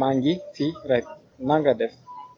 maa ngi fi rek na nga def